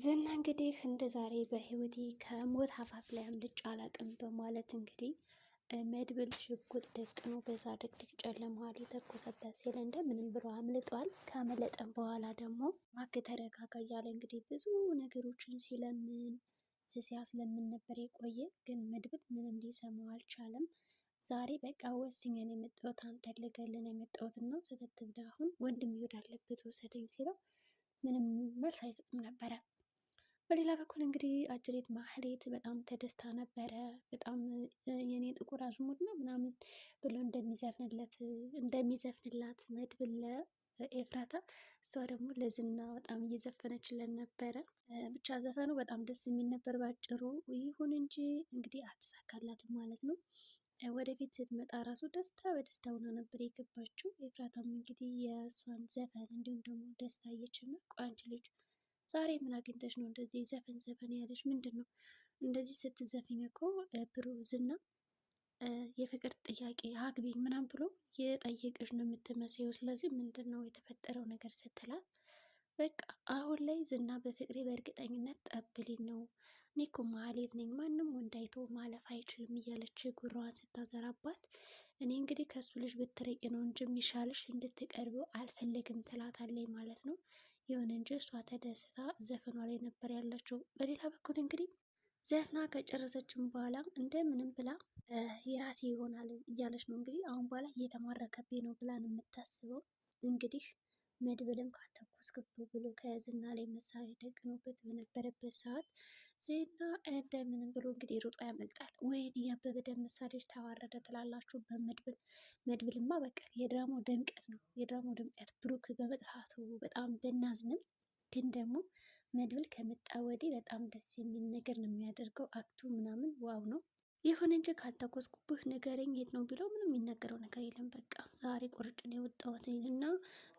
ዝና እንግዲህ እንደ ዛሬ በህይወቴ ከሞት አፋፍ ላይ አምልጬ አላቅም በማለት እንግዲህ መድብል ሽጉጥ ደቅኖ በዛ ድቅድቅ ጨለማ ላይ የተኮሰበት ሲሊንደር ምንም ብሎ አምልጧል። ካመለጠን በኋላ ደግሞ ማክ ተረጋጋ እያለ እንግዲህ ብዙ ነገሮችን ሲለምን ስለምን ነበር የቆየ። ግን መድብል ምንም ሊሰማው አልቻለም። ዛሬ በቃ ወስኜን የመጣሁት አንተን ልገልን የመጣሁት እና ስትትብላ አሁን ወንድም ይሄድ አለበት ወሰደኝ ሲለው ምንም መልስ አይሰጥም ነበረ። በሌላ በኩል እንግዲህ አጅሬት ማህሌት በጣም ተደስታ ነበረ። በጣም የኔ ጥቁር አዝሙድ ነው ምናምን ብሎ እንደሚዘፍንለት እንደሚዘፍንላት መድብለ ኤፍራታ እሷ ደግሞ ለዝና በጣም እየዘፈነችለን ነበረ። ብቻ ዘፈኑ በጣም ደስ የሚል ነበር ባጭሩ። ይሁን እንጂ እንግዲህ አልተሳካላትም ማለት ነው። ወደፊት ስትመጣ ራሱ ደስታ በደስታ ሆና ነበር የገባችው። ኤፍራታም እንግዲህ የእሷን ዘፈን እንዲሁም ደግሞ ደስታ እየችና ቋንጭ አንቺ ልጅ ዛሬ ምን አግኝተሽ ነው እንደዚህ ዘፈን ዘፈን ያለሽ? ምንድን ነው እንደዚህ ስትዘፍኝ? እኮ ብሩዝና የፍቅር ጥያቄ አግቢኝ ምናምን ብሎ የጠየቀሽ ነው የምትመስየው። ስለዚህ ምንድን ነው የተፈጠረው ነገር ስትላት በቃ አሁን ላይ ዝና በፍቅሬ በእርግጠኝነት ጠብልኝ ነው። እኔ እኮ ማህሌት ነኝ ማንም ወንድ አይቶ ማለፍ አይችልም እያለች ጉራዋን ስታዘራባት፣ እኔ እንግዲህ ከሱ ልጅ ብትርቂ ነው እንጂ የሚሻልሽ እንድትቀርቢው አልፈለግም ትላታለች ማለት ነው። ይሁን እንጂ እሷ ተደስታ ዘፈኗ ላይ ነበር ያለችው። በሌላ በኩል እንግዲህ ዘፍና ከጨረሰችን በኋላ እንደምንም ብላ የራሴ ይሆናል እያለች ነው እንግዲህ አሁን በኋላ እየተማረከብኝ ነው ብላ ነው የምታስበው እንግዲህ መድብልም ካተኩስ ካተኮስክብ ብሎ ከዝና ላይ መሳሪያ ደቅኖበት በነበረበት ሰዓት ዝና እንደምንም ብሎ እንግዲህ ሩጦ ያመልጣል። ወይን እያበበ ደም መሳሪያዎች ተዋረደ ትላላችሁ በመድብል መድብልማ በቃ የድራማው ድምቀት ነው። የድራማው ድምቀት ብሩክ በመጥፋቱ በጣም ብናዝንም ግን ደግሞ መድብል ከመጣ ወዲህ በጣም ደስ የሚል ነገር ነው የሚያደርገው። አክቱ ምናምን ዋው ነው። የሆነ እንጂ ካልተኮስኩብህ ንገረኝ የት ነው ቢለው ምንም የሚናገረው ነገር የለም። በቃ ዛሬ ቁርጭ ነው የወጣሁት እና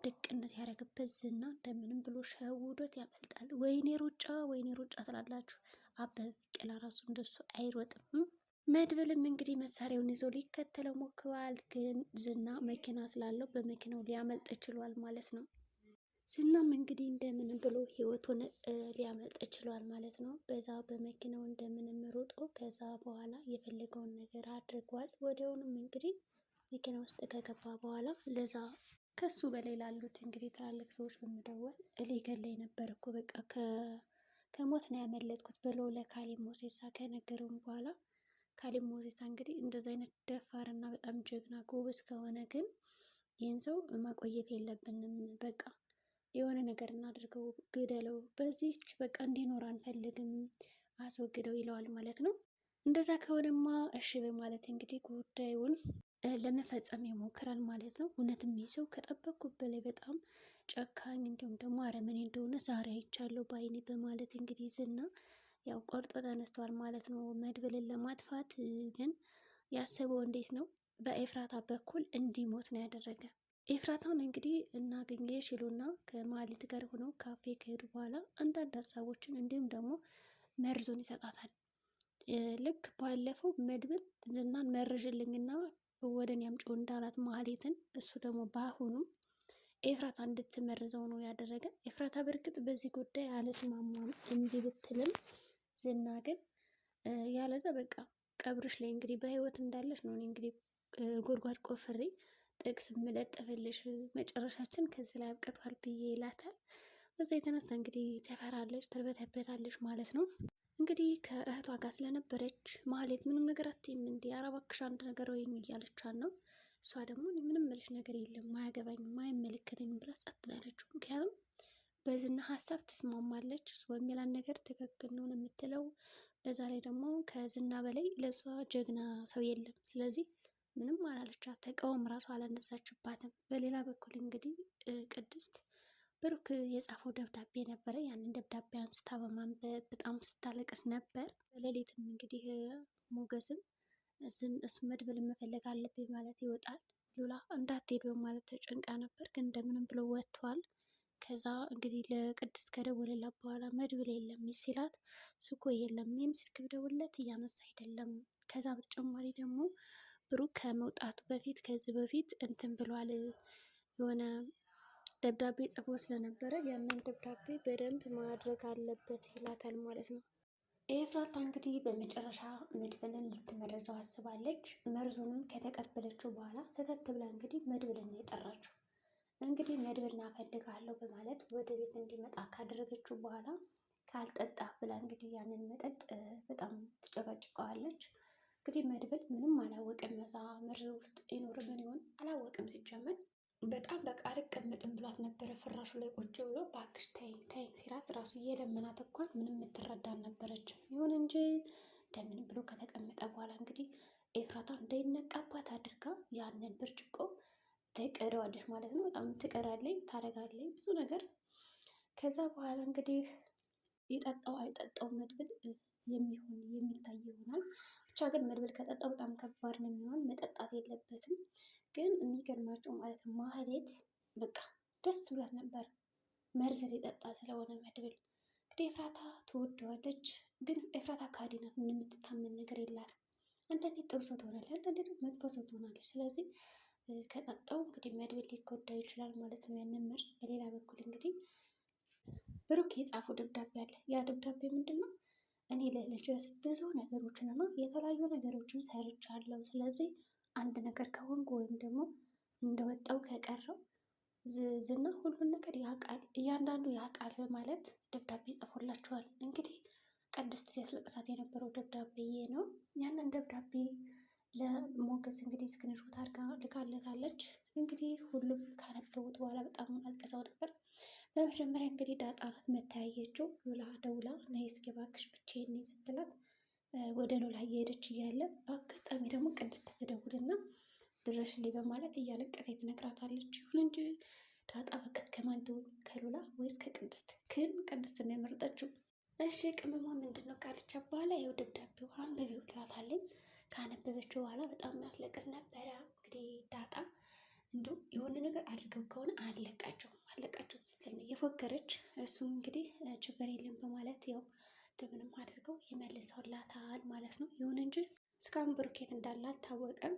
ድቅነት ያደረግበት ዝና እንደምንም ብሎ ሸውዶት ያመልጣል። ወይኔ ሩጫ ወይኔ ሩጫ ትላላችሁ። አበበ ቢቂላ ራሱ እንደሱ አይሮጥም። መድብልም እንግዲህ መሳሪያውን ይዞ ሊከተለው ሞክሯል። ግን ዝና መኪና ስላለው በመኪናው ሊያመልጥ ችሏል ማለት ነው። ዝናም እንግዲህ እንደምንም ብሎ ህይወቱን ሊያመልጥ ችሏል ማለት ነው። በዛ በመኪናው እንደምንም ሮጦ ከዛ በኋላ የፈለገውን ነገር አድርጓል። ወዲያውኑም እንግዲህ መኪና ውስጥ ከገባ በኋላ ለዛ ከሱ በላይ ላሉት እንግዲህ ትላልቅ ሰዎች በመደወል ሊገለኝ ነበር እኮ በቃ ከሞት ነው ያመለጥኩት ብሎ ለካሌብ ሞሴሳ ከነገረውም በኋላ ካሌብ ሞሴሳ እንግዲህ እንደዚ አይነት ደፋር እና በጣም ጀግና ጎበዝ ከሆነ ግን ይህን ሰው ማቆየት የለብንም በቃ የሆነ ነገር እናድርገው፣ ግደለው፣ በዚህች በቃ እንዲኖር አንፈልግም፣ አስወግደው ይለዋል ማለት ነው። እንደዛ ከሆነማ እሺ በማለት እንግዲህ ጉዳዩን ለመፈጸም ይሞክራል ማለት ነው። እውነትም ይህ ሰው ከጠበቅኩ በላይ በጣም ጨካኝ እንዲሁም ደግሞ አረመኔ እንደሆነ ዛሬ አይቻለሁ በዓይኔ በማለት እንግዲህ ዝና ያው ቆርጦ ተነስተዋል ማለት ነው። መድብልን ለማጥፋት ግን ያሰበው እንዴት ነው? በኤፍራታ በኩል እንዲሞት ነው ያደረገ። ኤፍራታን እንግዲህ እናገኘሽ ይሉና ከማሊት ጋር ሆኖ ካፌ ከሄዱ በኋላ አንዳንድ ሀሳቦችን እንዲሁም ደግሞ መርዞን ይሰጣታል። ልክ ባለፈው መድብል ዝናን መርዥልኝና ወደ እኔ አምጪው እንዳላት ማሊትን እሱ ደግሞ በአሁኑ ኤፍራታ እንድትመርዘው ነው ያደረገ። ኤፍራታ በእርግጥ በዚህ ጉዳይ አልስማማም እንቢ ብትልም ዝና ግን ያለዛ በቃ ቀብርሽ ላይ እንግዲህ በህይወት እንዳለች ነው እንግዲህ ጉድጓድ ቆፍሬ ጥቅስ የምለጥፍልሽ መጨረሻችን ከዚህ ላይ አብቅቷል ብዬ ይላታል። በዛ የተነሳ እንግዲህ ተፈራለች፣ ትርበተበታለች ማለት ነው። እንግዲህ ከእህቷ ጋር ስለነበረች ማህሌት ምንም ነገር አትይም እንዲ አረባክሽ አንድ ነገር ወይም እያለቻት ነው። እሷ ደግሞ ምንም መልሽ ነገር የለም አያገባኝም፣ አይመለከተኝም ብላ ጸጥ ያለችው። ምክንያቱም በዝና ሀሳብ ትስማማለች፣ እሱ በሚላን ነገር ትክክል ነው የምትለው። በዛ ላይ ደግሞ ከዝና በላይ ለእሷ ጀግና ሰው የለም። ስለዚህ ምንም አላለቻት፣ ተቃውም ራሱ አላነሳችባትም። በሌላ በኩል እንግዲህ ቅድስት ብሩክ የጻፈው ደብዳቤ ነበረ። ያንን ደብዳቤ አንስታ በማንበብ በጣም ስታለቀስ ነበር። በሌሊትም እንግዲህ ሞገስም እሱ መድብል መፈለግ አለብኝ ማለት ይወጣል። ሉላ እንዳትሄድ በማለት ተጨንቃ ነበር፣ ግን እንደምንም ብሎ ወጥቷል። ከዛ እንግዲህ ለቅድስት ከደወለላት በኋላ መድብል የለም ሲላት ስልኩ የለም፣ ይህም ስልክ ብደውልለት እያነሳ አይደለም። ከዛ በተጨማሪ ደግሞ ብሩክ ከመውጣቱ በፊት ከዚህ በፊት እንትን ብሏል የሆነ ደብዳቤ ጽፎ ስለነበረ ያንን ደብዳቤ በደንብ ማድረግ አለበት ይላታል ማለት ነው። ኤፍራታ እንግዲህ በመጨረሻ መድብልን ልትመርዘው አስባለች። መርዙንም ከተቀበለችው በኋላ ሰተት ብላ እንግዲህ መድብልን ነው የጠራችው። እንግዲህ መድብልን እናፈልጋለሁ በማለት ወደ ቤት እንዲመጣ ካደረገችው በኋላ ካልጠጣ ብላ እንግዲህ ያንን መጠጥ በጣም ትጨቀጭቀዋለች። እንግዲህ መድብል ምንም አላወቀም በዛ ምድር ውስጥ ይኖርብን ይሆን አላወቅም። ሲጀመር በጣም በቃ አልቀመጥም ብሏት ነበረ ፍራሹ ላይ ቁጭ ብሎ በአክሽ ተይኝ ተይኝ ሲላት ራሱ እየለመናት እንኳን ምንም የምትረዳ አልነበረችም። ይሁን እንጂ እንደምን ብሎ ከተቀመጠ በኋላ እንግዲህ ኤፍራታ እንዳይነቃባት አድርጋ ያንን ብርጭቆ ትቀዳዋለች ማለት ነው። በጣም ትቀዳለች፣ ታደርጋለች ብዙ ነገር። ከዛ በኋላ እንግዲህ የጠጣው አይጠጣው መድብል የሚሆን የሚታይ ይሆናል። ብቻ ግን መድብል ከጠጣ በጣም ከባድ ነው የሚሆን መጠጣት የለበትም። ግን የሚገርማቸው ማለት ነው ማህሌት በቃ ደስ ብሏት ነበር መርዝ የጠጣ ስለሆነ መድብል እንግዲህ ኤፍራታ ትወደዋለች። ግን ኤፍራታ ካዲ ናት፣ ምንም የምትታመን ነገር የላት አንዳንዴ ጥሩ ሰው ትሆናለች፣ አንዳንዴ ደግሞ መጥፎ ሰው ትሆናለች። ስለዚህ ከጠጣው እንግዲህ መድብል ሊጎዳ ይችላል ማለት ነው ያንን መርዝ። በሌላ በኩል እንግዲህ ብሩክ የጻፈው ደብዳቤ አለ። ያ ደብዳቤ ምንድን ነው? እኔ ለልጅስ ብዙ ነገሮችን እና የተለያዩ ነገሮችን ሰርቻለሁ። ስለዚህ አንድ ነገር ከሆንኩ ወይም ደግሞ እንደወጣው ከቀረው ዝና ሁሉን ነገር ያውቃል፣ እያንዳንዱ ያውቃል በማለት ደብዳቤ ጽፎላቸዋል። እንግዲህ ቅድስት ሲያስለቅሳት የነበረው ደብዳቤ ነው። ያንን ደብዳቤ ለሞገስ እንግዲህ ስክሪን አድርጋ ልካለታለች። እንግዲህ ሁሉም ካነበቡት በኋላ በጣም አልቅሰው ነበር። በመጀመሪያ እንግዲህ ዳጣ ናት መተያየችው። ሎላ ደውላ ነይ እስኪ እባክሽ ብቻዬን ነኝ ስትላት ወደ ሎላ እየሄደች እያለ በአጋጣሚ ደግሞ ቅድስት ትደውልና ድረሽልኝ በማለት እያለቀሰች ትነግራታለች። ይሁን እንጂ ዳጣ በቃ ከማን ትሆን ወይስ ከቅድስት? ግን ቅድስት ነው የመረጠችው። እሺ ቅመሟ ምንድን ነው ቃልቻ በኋላ ይኸው ደብዳቤው አንብቢው ትላታለች። ካነበበችው በኋላ በጣም ያስለቅስ ነበረ። እንዲሁም የሆነ ነገር አድርገው ከሆነ አለቃቸውም አለቃቸውም ስትል ነው የፎከረች። እሱም እንግዲህ ችግር የለም በማለት ያው እንደምንም አድርገው ይመልሰውላታል ማለት ነው። ይሁን እንጂ እስካሁን ብሩኬት እንዳላልታወቀም። አልታወቀም።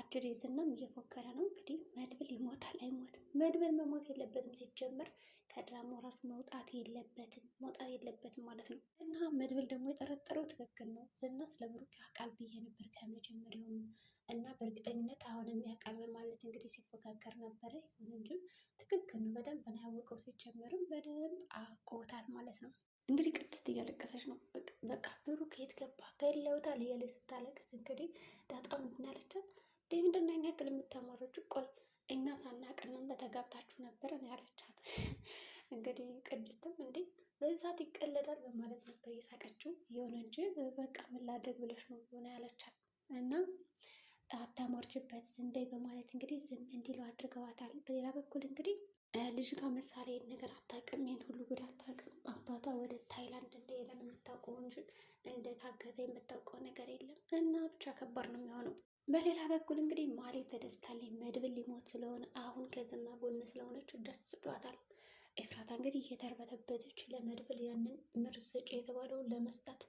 አድሬዝናም እየፎከረ ነው እንግዲህ መድብል ይሞታል አይሞትም። መድብል መሞት የለበትም ሲጀምር ከድራማው ራሱ መውጣት የለበትም መውጣት የለበትም ማለት ነው። እና መድብል ደግሞ የጠረጠረው ትክክል ነው። ዝና ስለ ብሩኬ አቃል ብዬ ነበር ከመጀመሪያውም እና በእርግጠኝነት አሁንም ያውቃል ማለት እንግዲህ ሲፎካከር ነበረ። ይሁን እንጂ ትክክል ነው። በደንብ ነው ያወቀው። ሲጀመርም በደንብ አውቆታል ማለት ነው። እንግዲህ ቅድስት እያለቀሰች ነው። በቃ ብሩክ የት ገባ ገለውታል እያለች ስታለቅስ እንግዲህ ዳጣ ምንድን አለቻት? ምንድን ነው ያክል የምታማረች? ቆይ እኛ ሳናቅ እናንተ ተጋብታችሁ ነበረ ነው ያለቻት። እንግዲህ ቅድስትም እንዴ በዛት ይቀለዳል በማለት ነበር የሳቀችው። የሆነ እንጂ በቃ ምን ላድርግ ብለሽ ነው ሆነ ያለቻት እና አታሞርችበት ዝም በይ በማለት እንግዲህ ዝም እንዲሉ አድርገዋታል። በሌላ በኩል እንግዲህ ልጅቷ ምሳሌ ነገር አታውቅም፣ ይህን ሁሉ ጉድ አታውቅም። አባቷ ወደ ታይላንድ እንደሄደ ነው የምታውቀው እንጂ እንደታገተ የምታውቀው ነገር የለም። እና ብቻ ከባድ ነው የሚሆነው። በሌላ በኩል እንግዲህ ማሌት ተደስታለች። መድብል ሊሞት ስለሆነ አሁን ከዝና ጎን ስለሆነች ደስ ብሏታል። ኤፍራታ እንግዲህ እየተርበተበተች ለመድብል ያንን የተባለውን ለመስጠት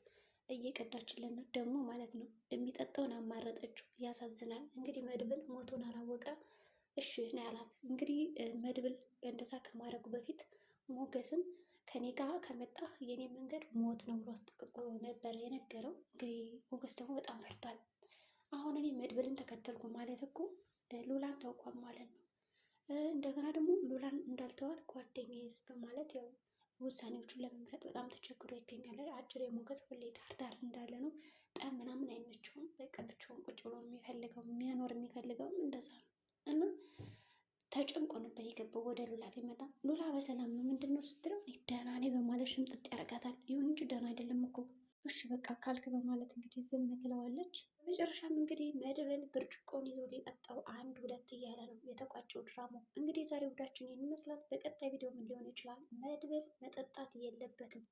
እየቀዳችልን ደግሞ ማለት ነው። የሚጠጣውን አማረጠችው። ያሳዝናል። እንግዲህ መድብል ሞቱን አላወቀ እሺ ነው ያላት። እንግዲህ መድብል እንደዛ ከማድረጉ በፊት ሞገስም ከኔ ጋር ከመጣ የኔ መንገድ ሞት ነው ብሎ አስጠንቅቆ ነበር የነገረው። እንግዲህ ሞገስ ደግሞ በጣም ፈርቷል። አሁን እኔ መድብልን ተከተልኩ ማለት እኮ ሉላን ተውቋም ማለት ነው። እንደገና ደግሞ ሉላን እንዳልተዋት ጓደኛዬስ በማለት ያው ውሳኔዎቹን ለመምረጥ በጣም ተቸግሮ ይገኛል። አጭር የሞገስ ሁሌ ዳር እንዳለ ነው። በጣም ምናምን አይመቸውም። በቃ ብቻውን ቁጭ ብሎ የሚፈልገው የሚያኖር የሚፈልገውም እንደዛ ነው እና ተጨንቆ ነበር የገባው። ወደ ሉላ ሲመጣ ሉላ በሰላም ነው ምንድን ነው ስትለው ደህና ነኝ በማለት ሽምጥጥ ያደርጋታል። ይሁን እንጂ ደህና አይደለም እኮ እሺ በቃ ካልክ በማለት እንግዲህ ዝም ትለዋለች። በመጨረሻም እንግዲህ መድብል ብርጭቆን ይዞ ሊጠጣው አንድ ሁለት እያለ ነው የተቋጨው ድራማው። እንግዲህ ዛሬ ውዳችን ይህን ይመስላል። በቀጣይ ቪዲዮ ምን ሊሆን ይችላል? መድብል መጠጣት የለበትም